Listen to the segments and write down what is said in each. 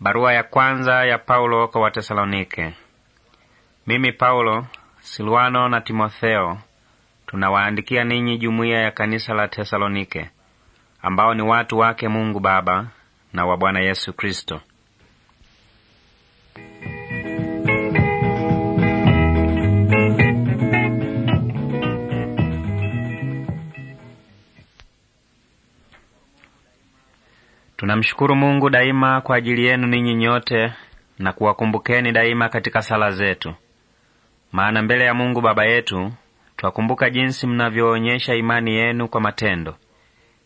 Barua ya kwanza ya Paulo kwa Watesalonike. Mimi Paulo, Silwano na Timotheo tunawaandikia ninyi jumuiya ya kanisa la Tesalonike, ambao ni watu wake Mungu Baba na wa Bwana Yesu Kristo. Tunamshukuru Mungu daima kwa ajili yenu ninyi nyote na kuwakumbukeni daima katika sala zetu, maana mbele ya Mungu Baba yetu twakumbuka jinsi mnavyoonyesha imani yenu kwa matendo,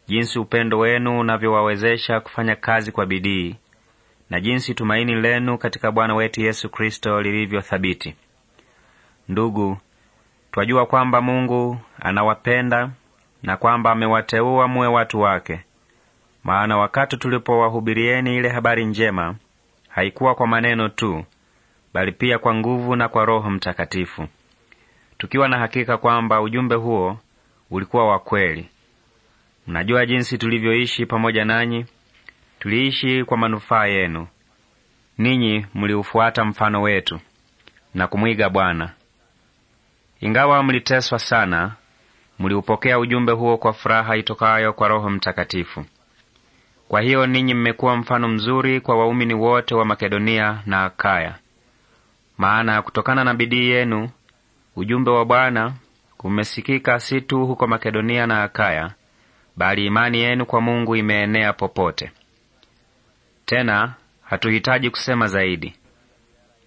jinsi upendo wenu unavyowawezesha kufanya kazi kwa bidii na jinsi tumaini lenu katika Bwana wetu Yesu Kristo lilivyo thabiti. Ndugu, twajua kwamba Mungu anawapenda na kwamba amewateua muwe watu wake maana wakati tulipowahubirieni ile habari njema, haikuwa kwa maneno tu, bali pia kwa nguvu na kwa Roho Mtakatifu, tukiwa na hakika kwamba ujumbe huo ulikuwa wa kweli. Mnajua jinsi tulivyoishi pamoja nanyi, tuliishi kwa manufaa yenu. Ninyi mliufuata mfano wetu na kumwiga Bwana. Ingawa mliteswa sana, mliupokea ujumbe huo kwa furaha itokayo kwa Roho Mtakatifu, kwa hiyo ninyi mmekuwa mfano mzuri kwa waumini wote wa Makedonia na Akaya, maana kutokana na bidii yenu ujumbe wa Bwana umesikika si tu huko Makedonia na Akaya, bali imani yenu kwa Mungu imeenea popote. Tena hatuhitaji kusema zaidi.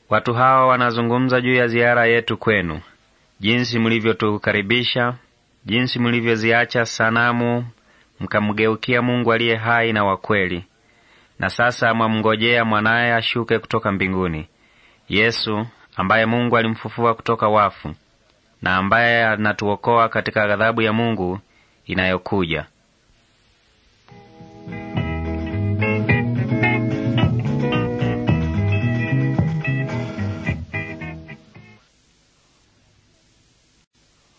Watu hawa wanazungumza juu ya ziara yetu kwenu, jinsi mlivyotukaribisha, jinsi mlivyoziacha sanamu mkamgeukia Mungu aliye hai na wakweli na sasa mwamngojea mwanaye ashuke kutoka mbinguni, Yesu ambaye Mungu alimfufua kutoka wafu na ambaye anatuokoa katika ghadhabu ya Mungu inayokuja.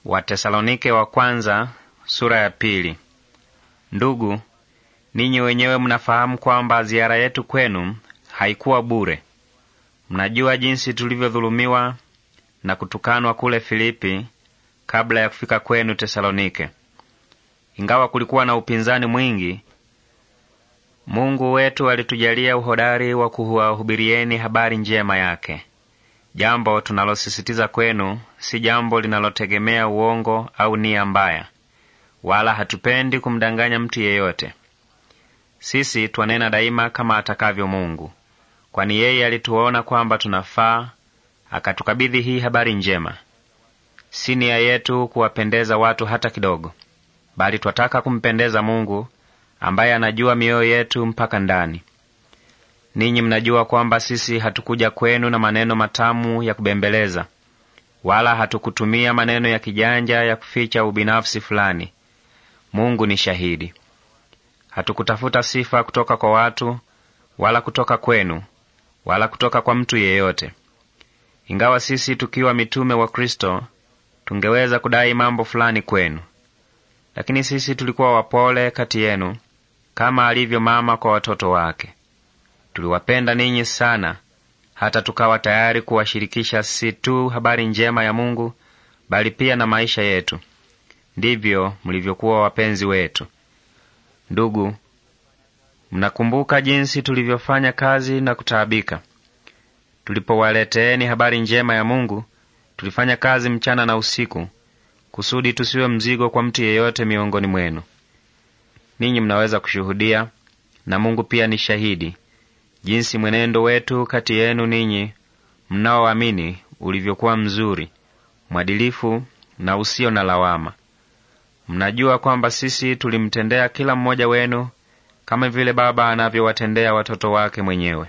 Watesalonike wa kwanza sura ya pili. Ndugu, ninyi wenyewe mnafahamu kwamba ziara yetu kwenu haikuwa bure. Mnajua jinsi tulivyodhulumiwa na kutukanwa kule Filipi kabla ya kufika kwenu Tesalonike. Ingawa kulikuwa na upinzani mwingi, Mungu wetu alitujalia uhodari wa kuwahubirieni habari njema yake. Jambo tunalosisitiza kwenu si jambo linalotegemea uongo au nia mbaya, wala hatupendi kumdanganya mtu yeyote. Sisi twanena daima kama atakavyo Mungu, kwani yeye alituona kwamba tunafaa, akatukabidhi hii habari njema. Si nia yetu kuwapendeza watu hata kidogo, bali twataka kumpendeza Mungu ambaye anajua mioyo yetu mpaka ndani. Ninyi mnajua kwamba sisi hatukuja kwenu na maneno matamu ya kubembeleza, wala hatukutumia maneno ya kijanja ya kuficha ubinafsi fulani, Mungu ni shahidi. Hatukutafuta sifa kutoka kwa watu wala kutoka kwenu wala kutoka kwa mtu yeyote. Ingawa sisi tukiwa mitume wa Kristo tungeweza kudai mambo fulani kwenu, lakini sisi tulikuwa wapole kati yenu, kama alivyo mama kwa watoto wake. Tuliwapenda ninyi sana, hata tukawa tayari kuwashirikisha si tu habari njema ya Mungu, bali pia na maisha yetu ndivyo mlivyokuwa wapenzi wetu. Ndugu, mnakumbuka jinsi tulivyofanya kazi na kutaabika. Tulipowaleteeni habari njema ya Mungu, tulifanya kazi mchana na usiku, kusudi tusiwe mzigo kwa mtu yeyote miongoni mwenu. Ninyi mnaweza kushuhudia na Mungu pia ni shahidi, jinsi mwenendo wetu kati yenu ninyi mnaoamini ulivyokuwa mzuri, mwadilifu na usio na lawama, Mnajua kwamba sisi tulimtendea kila mmoja wenu kama vile baba anavyowatendea watoto wake mwenyewe.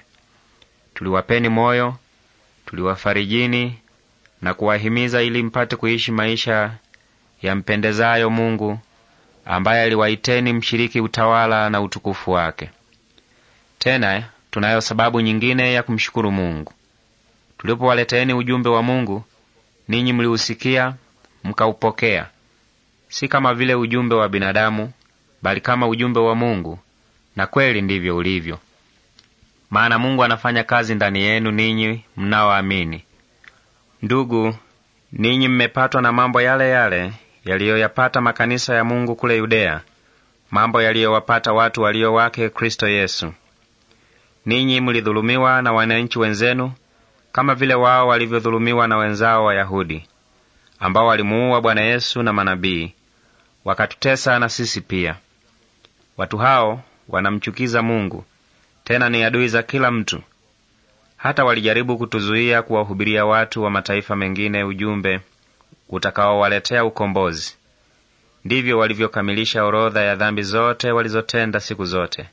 Tuliwapeni moyo, tuliwafarijini na kuwahimiza ili mpate kuishi maisha yampendezayo Mungu ambaye aliwaiteni mshiriki utawala na utukufu wake. Tena tunayo sababu nyingine ya kumshukuru Mungu. Tulipowaleteeni ujumbe wa Mungu, ninyi mliusikia mkaupokea, si kama vile ujumbe wa binadamu, bali kama ujumbe wa Mungu, na kweli ndivyo ulivyo. Maana Mungu anafanya kazi ndani yenu ninyi mnaoamini. Ndugu, ninyi mmepatwa na mambo yale yale yaliyoyapata makanisa ya Mungu kule Yudea, mambo yaliyowapata watu walio wake Kristo Yesu. Ninyi mlidhulumiwa na wananchi wenzenu kama vile wao walivyodhulumiwa na wenzao Wayahudi, ambao walimuua Bwana Yesu na manabii, wakatutesa na sisi pia. Watu hao wanamchukiza Mungu, tena ni adui za kila mtu. Hata walijaribu kutuzuia kuwahubiria watu wa mataifa mengine ujumbe utakaowaletea ukombozi. Ndivyo walivyokamilisha orodha ya dhambi zote walizotenda siku zote.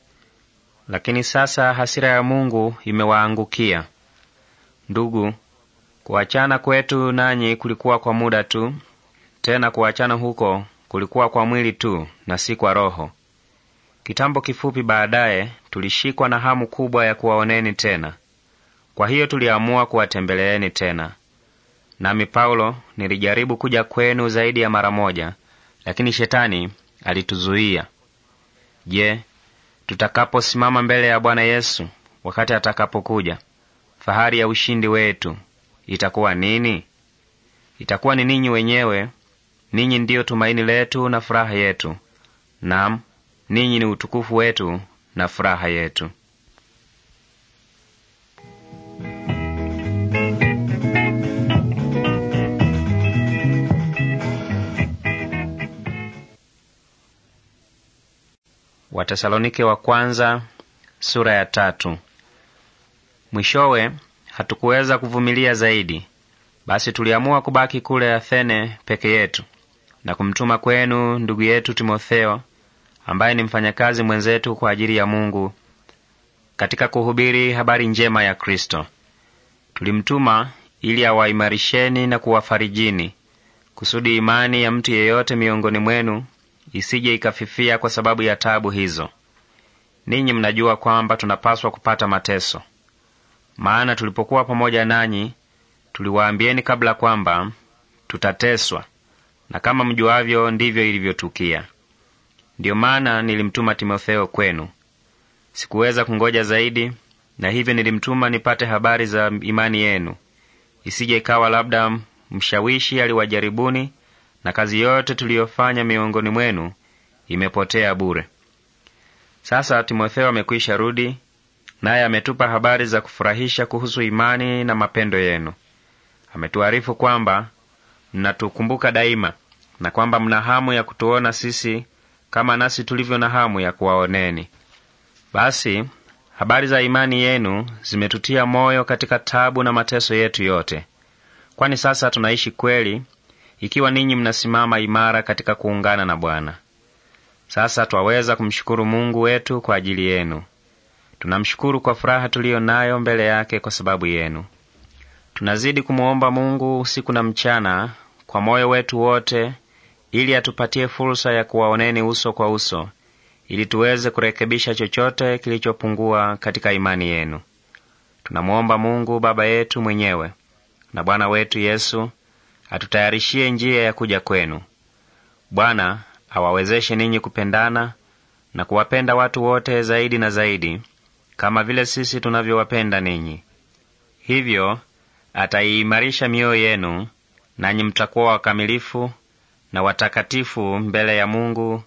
Lakini sasa hasira ya Mungu imewaangukia. Ndugu, kuachana kwetu nanyi kulikuwa kwa muda tu, tena kuachana huko kulikuwa kwa mwili tu na si kwa roho. Kitambo kifupi baadaye tulishikwa na hamu kubwa ya kuwaoneni tena, kwa hiyo tuliamua kuwatembeleeni tena. Nami Paulo nilijaribu kuja kwenu zaidi ya mara moja, lakini shetani alituzuia. Je, tutakaposimama mbele ya Bwana Yesu wakati atakapokuja, fahari ya ushindi wetu itakuwa nini? Itakuwa ni ninyi wenyewe Ninyi ndiyo tumaini letu na furaha yetu, nam ninyi ni utukufu wetu na furaha yetu. Watesalonike wa kwanza, sura ya tatu. Mwishowe hatukuweza kuvumilia zaidi, basi tuliamua kubaki kule Athene peke yetu na kumtuma kwenu ndugu yetu Timotheo, ambaye ni mfanyakazi mwenzetu kwa ajili ya Mungu katika kuhubiri habari njema ya Kristo. Tulimtuma ili awaimarisheni na kuwafarijini, kusudi imani ya mtu yeyote miongoni mwenu isije ikafifia kwa sababu ya tabu hizo. Ninyi mnajua kwamba tunapaswa kupata mateso. Maana tulipokuwa pamoja nanyi tuliwaambieni kabla kwamba tutateswa, na kama mjuavyo, ndivyo ilivyotukia. Ndiyo maana nilimtuma Timotheo kwenu. Sikuweza kungoja zaidi, na hivyo nilimtuma nipate habari za imani yenu, isije ikawa labda mshawishi aliwajaribuni, na kazi yote tuliyofanya miongoni mwenu imepotea bure. Sasa Timotheo amekwisha rudi, naye ametupa habari za kufurahisha kuhusu imani na mapendo yenu. Ametuarifu kwamba mnatukumbuka daima na kwamba mna hamu ya kutuona sisi kama nasi tulivyo na hamu ya kuwaoneni. Basi habari za imani yenu zimetutia moyo katika tabu na mateso yetu yote, kwani sasa tunaishi kweli ikiwa ninyi mnasimama imara katika kuungana na Bwana. Sasa twaweza kumshukuru Mungu wetu kwa ajili yenu. Tunamshukuru kwa furaha tuliyo nayo mbele yake kwa sababu yenu. Tunazidi kumwomba Mungu usiku na mchana kwa moyo wetu wote, ili atupatie fursa ya kuwaoneni uso kwa uso, ili tuweze kurekebisha chochote kilichopungua katika imani yenu. Tunamwomba Mungu Baba yetu mwenyewe na Bwana wetu Yesu atutayarishie njia ya kuja kwenu. Bwana awawezeshe ninyi kupendana na kuwapenda watu wote zaidi na zaidi, kama vile sisi tunavyowapenda ninyi. Hivyo ataiimarisha mioyo yenu nanyi mtakuwa wakamilifu na watakatifu mbele ya Mungu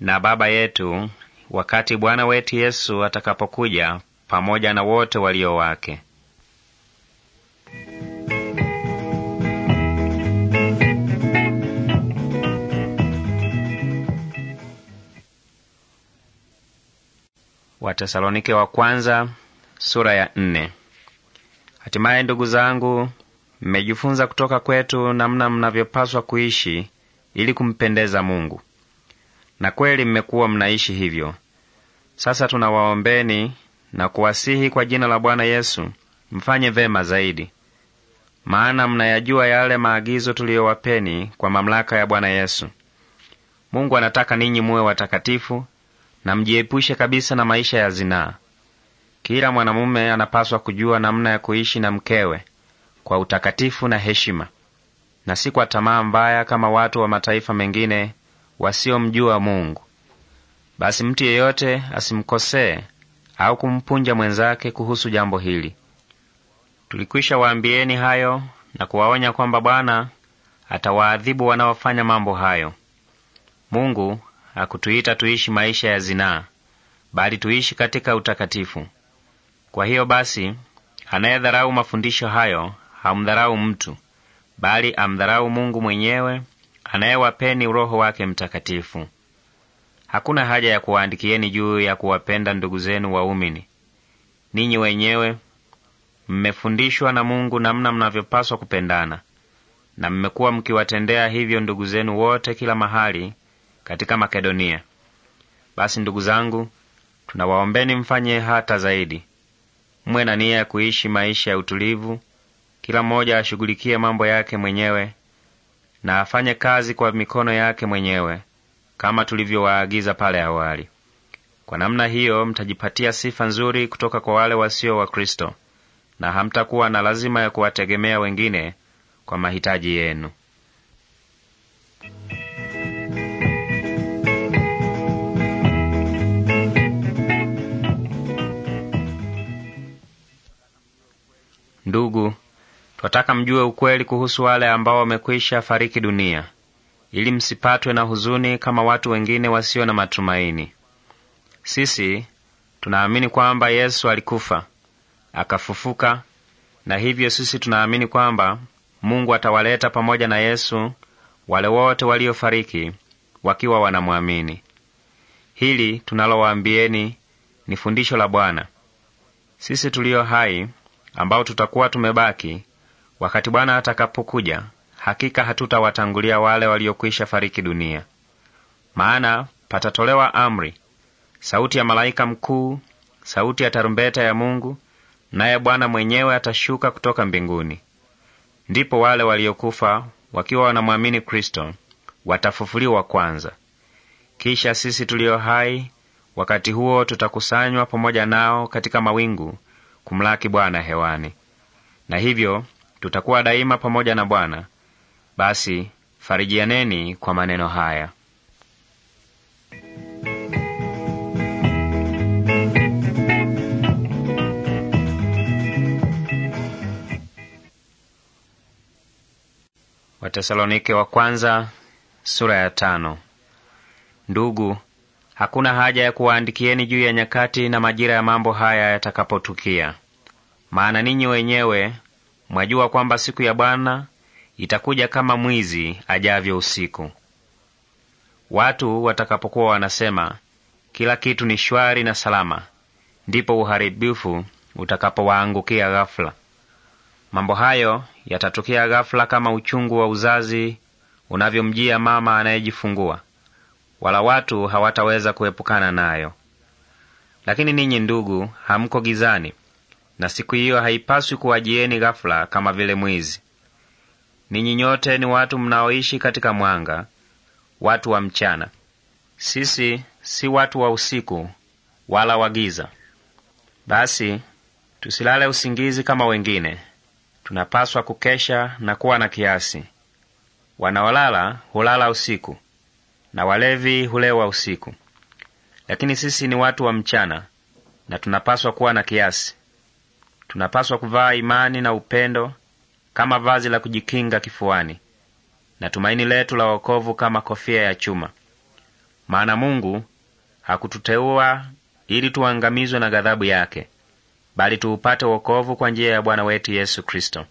na Baba yetu wakati Bwana wetu Yesu atakapokuja pamoja na wote walio wake. Watesalonike wa kwanza, sura ya nne. Hatimaye ndugu zangu Mmejifunza kutoka kwetu namna mnavyopaswa kuishi ili kumpendeza Mungu, na kweli mmekuwa mnaishi hivyo. Sasa tunawaombeni na kuwasihi kwa jina la Bwana Yesu mfanye vema zaidi, maana mnayajua yale maagizo tuliyowapeni kwa mamlaka ya Bwana Yesu. Mungu anataka ninyi muwe watakatifu na mjiepushe kabisa na maisha ya zinaa. Kila mwanamume anapaswa kujua namna ya kuishi na mkewe kwa utakatifu na heshima, na si kwa tamaa mbaya kama watu wa mataifa mengine wasiomjua Mungu. Basi mtu yeyote asimkosee au kumpunja mwenzake kuhusu jambo hili. Tulikwisha waambieni hayo na kuwaonya kwamba Bwana atawaadhibu wanaofanya mambo hayo. Mungu hakutuita tuishi maisha ya zinaa, bali tuishi katika utakatifu. Kwa hiyo basi, anayedharau mafundisho hayo hamdharau mtu, bali amdharau Mungu mwenyewe anayewapeni Roho wake Mtakatifu. Hakuna haja ya kuwaandikieni juu ya kuwapenda ndugu zenu waumini. Ninyi wenyewe mmefundishwa na Mungu namna mnavyopaswa kupendana, na mmekuwa mkiwatendea hivyo ndugu zenu wote kila mahali katika Makedonia. Basi ndugu zangu, tunawaombeni mfanye hata zaidi, mwe na nia ya kuishi maisha ya utulivu kila mmoja ashughulikie mambo yake mwenyewe na afanye kazi kwa mikono yake mwenyewe kama tulivyowaagiza pale awali. Kwa namna hiyo mtajipatia sifa nzuri kutoka kwa wale wasio wa Kristo na hamtakuwa na lazima ya kuwategemea wengine kwa mahitaji yenu. Ndugu, Twataka mjue ukweli kuhusu wale ambao wamekwisha fariki dunia, ili msipatwe na huzuni kama watu wengine wasio na matumaini. Sisi tunaamini kwamba Yesu alikufa akafufuka, na hivyo sisi tunaamini kwamba Mungu atawaleta pamoja na Yesu wale wote waliofariki wakiwa wanamwamini. Hili tunalowaambieni ni fundisho la Bwana. Sisi tulio hai ambao tutakuwa tumebaki Wakati Bwana atakapokuja, hakika hatutawatangulia wale waliokwisha fariki dunia. Maana patatolewa amri, sauti ya malaika mkuu, sauti ya tarumbeta ya Mungu, naye Bwana mwenyewe atashuka kutoka mbinguni. Ndipo wale waliokufa wakiwa wanamwamini Kristo watafufuliwa kwanza. Kisha sisi tulio hai wakati huo tutakusanywa pamoja nao katika mawingu kumlaki Bwana hewani, na hivyo tutakuwa daima pamoja na Bwana. Basi farijianeni kwa maneno haya. Watesalonike wa kwanza, sura ya tano. Ndugu, hakuna haja ya kuwaandikieni juu ya nyakati na majira ya mambo haya yatakapotukia, maana ninyi wenyewe Mwajua kwamba siku ya Bwana itakuja kama mwizi ajavyo usiku. Watu watakapokuwa wanasema kila kitu ni shwari na salama, ndipo uharibifu utakapowaangukia ghafula. Mambo hayo yatatukia ghafula kama uchungu wa uzazi unavyomjia mama anayejifungua, wala watu hawataweza kuepukana nayo. Lakini ninyi ndugu, hamko gizani na siku hiyo haipaswi kuwajieni ghafula kama vile mwizi. Ninyi nyote ni watu mnaoishi katika mwanga, watu wa mchana. Sisi si watu wa usiku wala wa giza. Basi tusilale usingizi kama wengine, tunapaswa kukesha na kuwa na kiasi. Wanaolala hulala usiku na walevi hulewa usiku, lakini sisi ni watu wa mchana na tunapaswa kuwa na kiasi. Tunapaswa kuvaa imani na upendo kama vazi la kujikinga kifuani na tumaini letu la wokovu kama kofia ya chuma. Maana Mungu hakututeua ili tuangamizwe na ghadhabu yake, bali tuupate wokovu kwa njia ya Bwana wetu Yesu Kristo,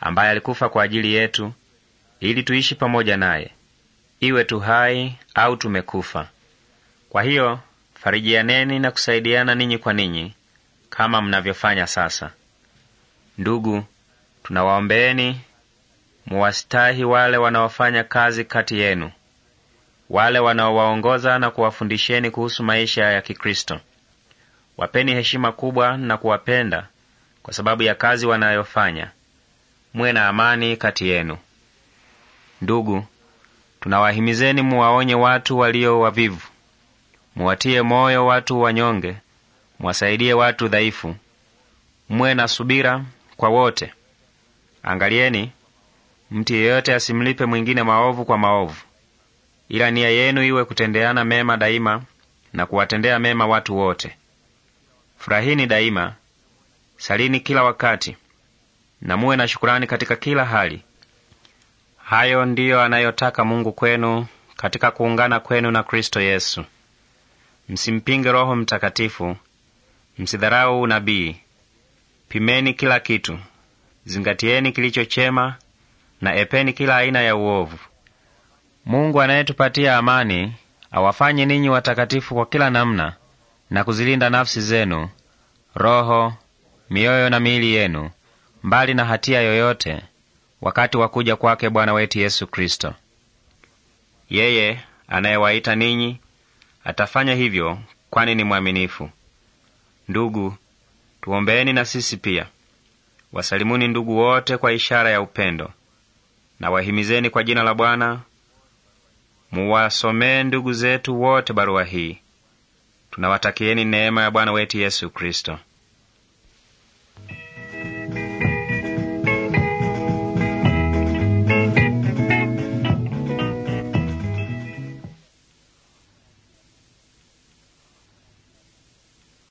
ambaye alikufa kwa ajili yetu ili tuishi pamoja naye, iwe tu hai au tumekufa. Kwa hiyo farijianeni na kusaidiana ninyi kwa ninyi kama mnavyofanya sasa. Ndugu, tunawaombeeni muwastahi wale wanaofanya kazi kati yenu, wale wanaowaongoza na kuwafundisheni kuhusu maisha ya Kikristo. Wapeni heshima kubwa na kuwapenda kwa sababu ya kazi wanayofanya. Muwe na amani kati yenu. Ndugu, tunawahimizeni muwaonye watu walio wavivu, muwatie moyo watu wanyonge mwasaidie watu dhaifu, mwe na subira kwa wote. Angalieni, mtu yeyote asimlipe mwingine maovu kwa maovu, ila nia yenu iwe kutendeana mema daima na kuwatendea mema watu wote. Furahini daima, salini kila wakati, na muwe na shukurani katika kila hali. Hayo ndiyo anayotaka Mungu kwenu katika kuungana kwenu na Kristo Yesu. Msimpinge Roho Mtakatifu, Msidharau nabii. Pimeni kila kitu, zingatieni kilicho chema na epeni kila aina ya uovu. Mungu anayetupatia amani awafanye ninyi watakatifu kwa kila namna na kuzilinda nafsi zenu, roho, mioyo na miili yenu mbali na hatia yoyote wakati wa kuja kwake Bwana wetu Yesu Kristo. Yeye anayewaita ninyi atafanya hivyo, kwani ni mwaminifu. Ndugu, tuombeeni na sisi pia. Wasalimuni ndugu wote kwa ishara ya upendo, na wahimizeni kwa jina la Bwana. Muwasomee ndugu zetu wote barua hii. Tunawatakieni neema ya Bwana wetu Yesu Kristo.